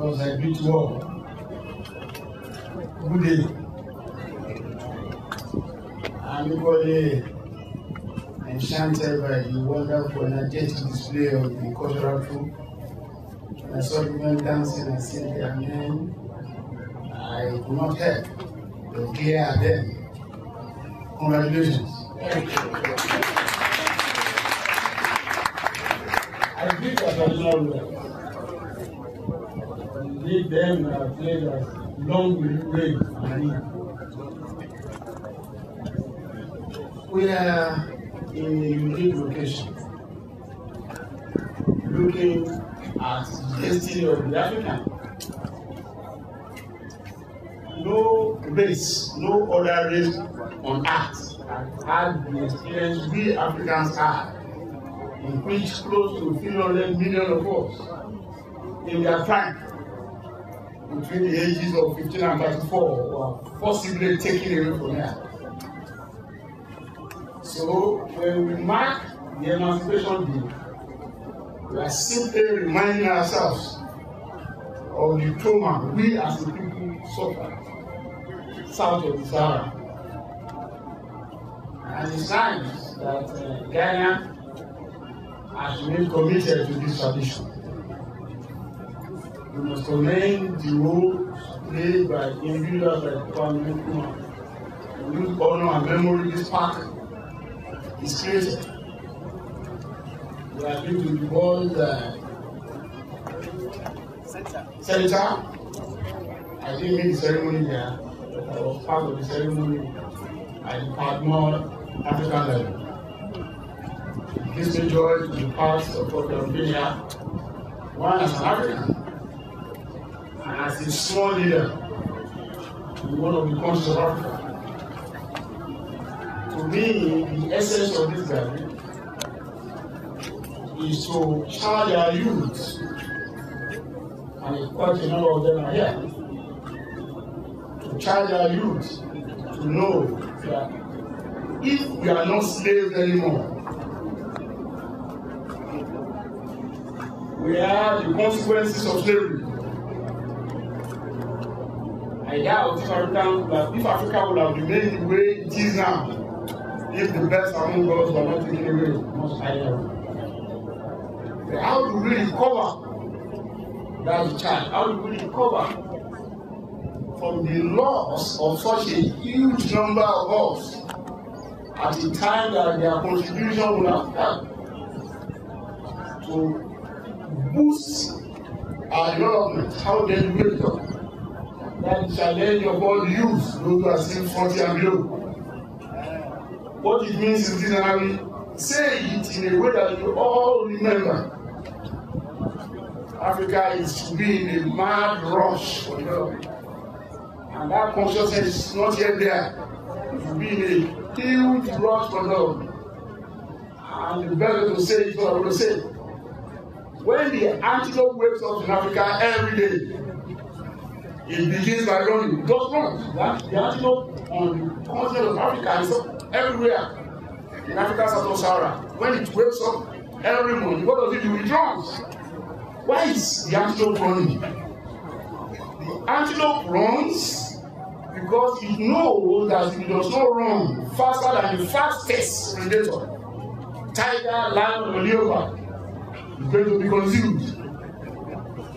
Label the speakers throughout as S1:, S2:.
S1: It was a big war. Good day. Everybody enchanted by the wonderful energetic display of the cultural troupe. I saw the men dancing and seeing their men, I could not help but glare at them. Congratulations. Thank you. I did a traditional Lead them in our prayers. Long will you reign. Amen. We are in a unique location, looking at the destiny of the African. No race, no other race on earth has had the experience we Africans had, in which close to 300 million of us in their time between the ages of 15 and 34 were forcibly taken away from her. So when we mark the Emancipation Day, we are simply reminding ourselves of the trauma we as a people suffered south of the Sahara. And it's nice that uh, Ghana has remained committed to this tradition. We must amend the role played by individuals like Kwame Nkrumah. We will honor and memory this park, his creator. We are going to involve the center. I didn't make the ceremony there. I was part of the ceremony at the Padmore African level. Mr. George, the past of Colombia, one as an African. And as a small leader, we want to become South Africa. To me, the essence of this gathering is to charge our youth, and quite a number of them are here, to charge our youth to know that if we are not slaves anymore, we are the consequences of slavery. And that of this that if Africa would have remained the way it is now, if the best among gods were not taken away, most higher. How do we recover that child? How do we recover from the loss of such a huge number of us at the time that their contribution would have helped to boost our development? How then will it and challenge upon youth those who are still forty and below. What it means in generally say it in a way that you all remember. Africa is to be in a mad rush for development. And that consciousness is not yet there. It will be in a huge rush for development. And the better to say it, what I will say. When the antelope wakes up in Africa every day, It begins by running. Just run. The, the antelope on the continent of Africa and so everywhere in Africa, South of Sahara, when it wakes up every morning, what does it do? It runs. Why is the antelope running? The antelope runs because it knows that it does not run faster than the fastest predator. Tiger, lion, or leopard is going to be consumed.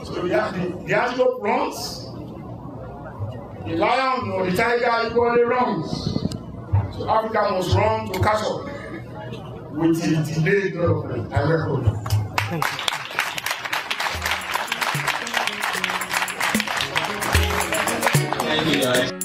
S1: So the, the, the antelope runs The lion or the tiger equally wrongs. So Africa was wrong to catch up with the delayed development and record. Thank you guys.